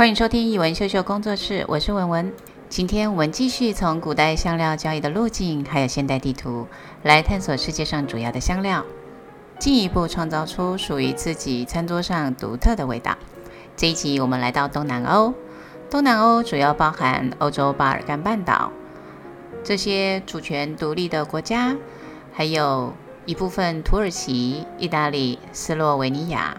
歡迎收聽譯文秀秀工作室，我是文文。今天我們繼續從古代香料交易的路徑，還有現代地圖來探索世界上主要的香料，進一步創造出屬於自己餐桌上獨特的味道。這一集我們來到東南歐。東南歐主要包含歐洲巴爾幹半島這些主權獨立的國家，還有一部分土耳其、意大利、斯洛維尼亞。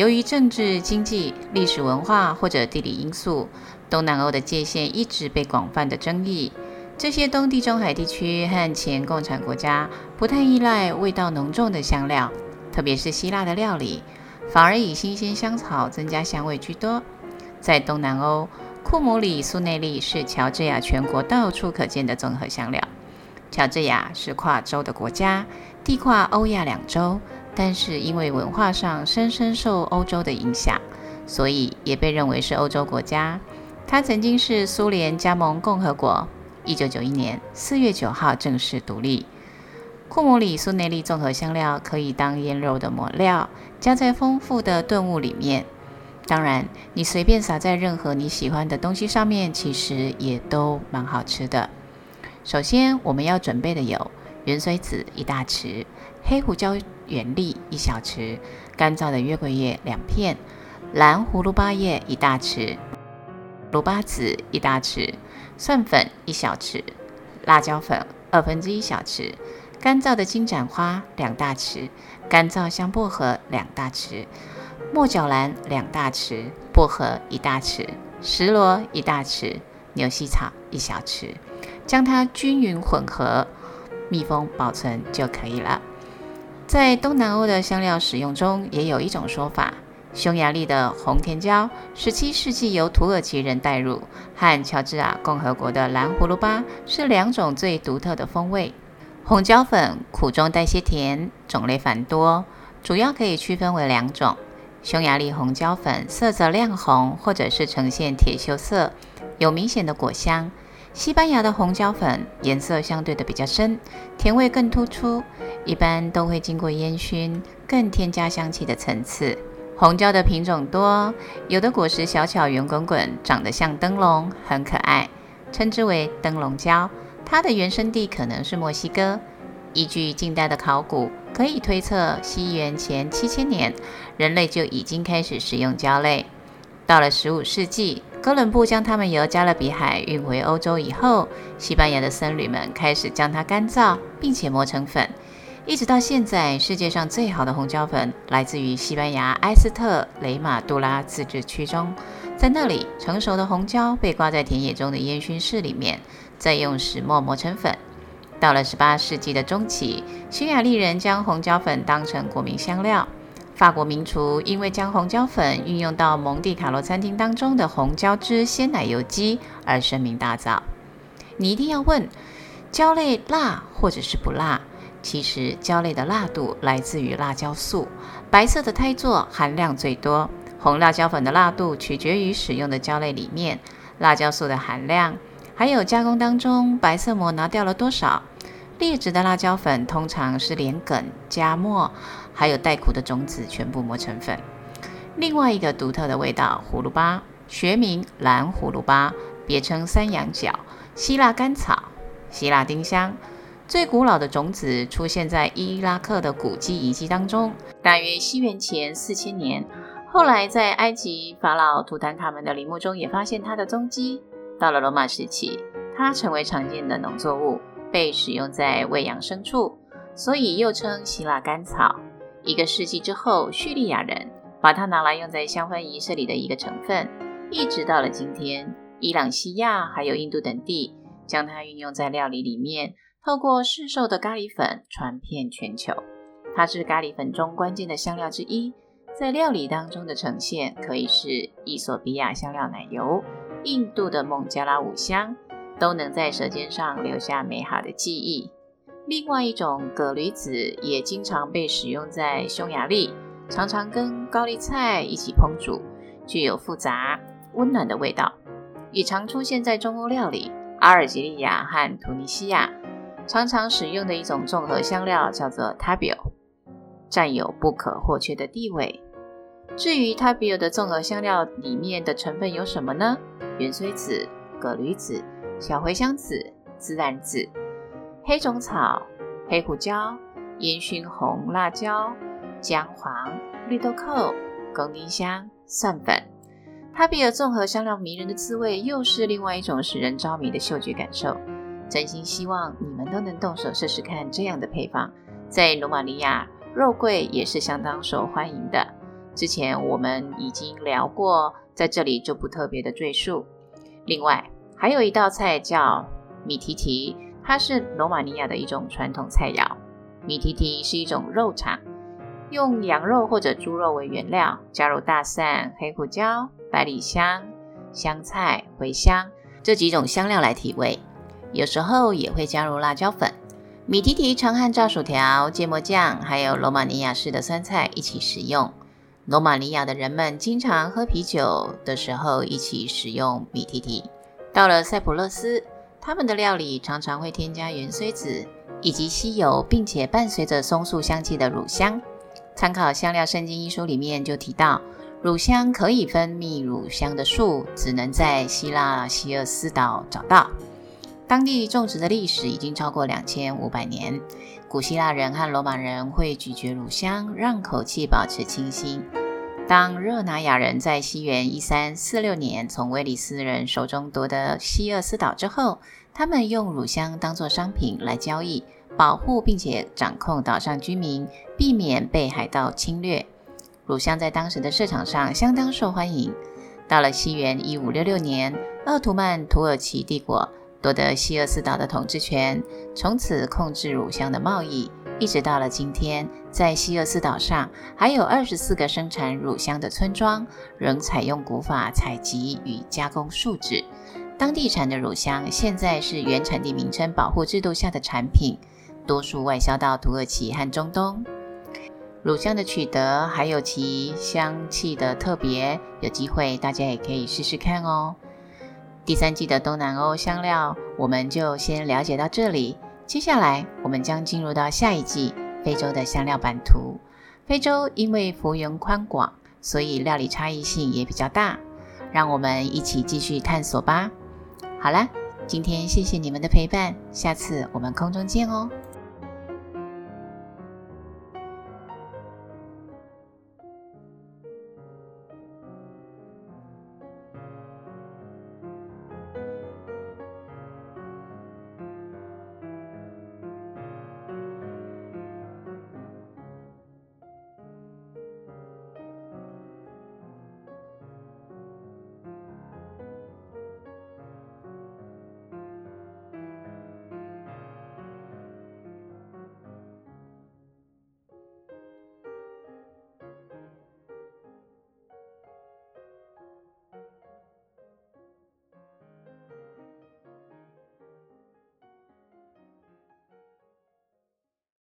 由於政治、經濟、歷史文化或者地理因素，東南歐的界限一直被廣泛的爭議。這些東地中海地區和前共產國家不太依賴味道濃重的香料，特別是希臘的料理，反而以新鮮香草增加香味居多。在東南歐，庫姆里蘇內利是喬治亞全國到處可見的綜合香料。喬治亞是跨洲的國家，地跨歐亞兩洲。但是因為文化上深深受歐洲的影響，所以也被認為是歐洲國家。它曾經是蘇聯加盟共和國，一九九一年四月九號正式獨立。庫姆裡蘇內利綜合香料可以當醃肉的抹料，加在豐富的燉物裡面。當然，你隨便撒在任何你喜歡的東西上面，其實也都蠻好吃的。首先，我們要準備的有芫荽籽一大匙，黑胡椒。原粒一小匙，乾燥的月桂葉兩片，藍葫蘆巴葉一大匙，蘆巴子一大匙，蒜粉一小匙，辣椒粉二分之一小匙，乾燥的金盞花兩大匙，乾燥香薄荷兩大匙，墨角蘭兩大匙，薄荷一大匙，蒔蘿一大匙，牛膝草一小匙，將它均勻混合，密封保存就可以了。在東南歐的香料使用中，也有一種說法：匈牙利的紅甜椒十七世紀由土耳其人帶入；和喬治亞共和國的藍葫蘆巴是兩種最獨特的風味。紅椒粉苦中帶些甜，種類繁多，主要可以區分為兩種：匈牙利紅椒粉色澤亮紅，或者是呈現鐵鏽色，有明顯的果香。西班牙的紅椒粉顏色相對的比較深，甜味更突出，一般都會經過煙燻，更添加香氣的層次。紅椒的品種多，有的果實小巧圓滾滾，長得像燈籠，很可愛，稱之為燈籠椒。它的原生地可能是墨西哥。依據近代的考古，可以推測西元前七千年，人類就已經開始食用椒類。到了十五世紀。哥倫布將它們由加勒比海運回歐洲以後，西班牙的僧侶們開始將它乾燥，並且磨成粉。一直到現在，世界上最好的紅椒粉來自於西班牙埃斯特雷馬杜拉自治區中，在那裡成熟的紅椒被掛在田野中的煙燻室裡面，再用石磨磨成粉。到了18世紀的中期，匈牙利人將紅椒粉當成國民香料。法國名廚因為將紅椒粉運用到蒙地卡羅餐廳當中的紅椒汁鮮奶油雞，而聲名大噪。你一定要問：椒類辣，或者是不辣？其實椒類的辣度來自於辣椒素，白色的胎座含量最多。紅辣椒粉的辣度取決於使用的椒類裡面辣椒素的含量，還有加工當中白色膜拿掉了多少。劣質的辣椒粉通常是連梗加末。還有帶苦的種子全部磨成粉。另外一個獨特的味道，葫蘆巴，學名藍葫蘆巴，別稱三羊角、希臘甘草、希臘丁香。最古老的種子出現在伊，伊拉克的古蹟遺跡當中，大約西元前四千年。後來在埃及法老圖坦卡門的陵墓中也發現它的蹤跡。到了羅馬時期，它成為常見的農作物，被使用在餵養牲畜，所以又稱希臘甘草。一個世紀之後，敘利亞人把它拿來用在香氛儀式裡的一個成分，一直到了今天，伊朗、西亞還有印度等地，將它運用在料理裡面，透過市售的咖喱粉傳遍全球。它是咖喱粉中關鍵的香料之一，在料理當中的呈現，可以是伊索比亞香料奶油、印度的孟加拉五香，都能在舌尖上留下美好的記憶。另外一種葛縷子也經常被使用在匈牙利，常常跟高麗菜一起烹煮，具有複雜溫暖的味道，也常出現在中歐料理。阿爾及利亞和突尼西亞常常使用的一種綜合香料叫做 Tabio，佔有不可或缺的地位。至於 Tabio 的綜合香料裡面的成分有什麼呢？芫荽籽、葛縷子、小茴香籽、孜然籽。黑種草、黑胡椒、煙燻紅辣椒、薑黃、綠豆蔻、公丁香、蒜粉。塔比爾綜合香料迷人的滋味，又是另外一種使人着迷的嗅覺感受。真心希望你們都能動手試試看這樣的配方。在羅馬尼亞，肉桂也是相當受歡迎的。之前我們已經聊過，在這裡就不特別的贅述。另外，還有一道菜叫米提提。它是羅馬尼亞的一種傳統菜餚，米提提是一種肉腸，用羊肉或者豬肉為原料，加入大蒜、黑胡椒、百里香、香菜、茴香這幾種香料來提味，有時候也會加入辣椒粉。米提提常和炸薯條、芥末醬，還有羅馬尼亞式的酸菜一起食用。羅馬尼亞的人們經常喝啤酒的時候一起食用米提提。到了塞浦路斯。他們的料理常常會添加芫荽籽以及稀有，並且伴隨着松樹香氣的乳香。參考《香料聖經》一書裡面就提到，乳香可以分泌乳香的樹只能在希臘希俄斯島找到，當地種植的歷史已經超過兩千五百年。古希臘人和羅馬人會咀嚼乳香，讓口氣保持清新。當熱那亞人在西元一三四六年從威尼斯人手中奪得希俄斯島之後，他們用乳香當作商品來交易，保護並且掌控島上居民，避免被海盜侵略。乳香在當時的市場上相當受歡迎。到了西元一五六六年，奧圖曼土耳其帝國奪得希俄斯島的統治權，從此控制乳香的貿易。一直到了今天，在希俄斯島上還有二十四個生產乳香的村莊仍採用古法採集與加工樹脂。當地產的乳香現在是原產地名稱保護制度下的產品，多數外銷到土耳其和中東。乳香的取得還有其香氣的特別，有機會大家也可以試試看哦。第三季的東南歐香料，我們就先了解到這裡。接下來我們將進入到下一季非洲的香料版圖。非洲因為幅員寬廣，所以料理差異性也比較大。讓我們一起繼續探索吧。好了，今天謝謝你們的陪伴，下次我們空中見哦。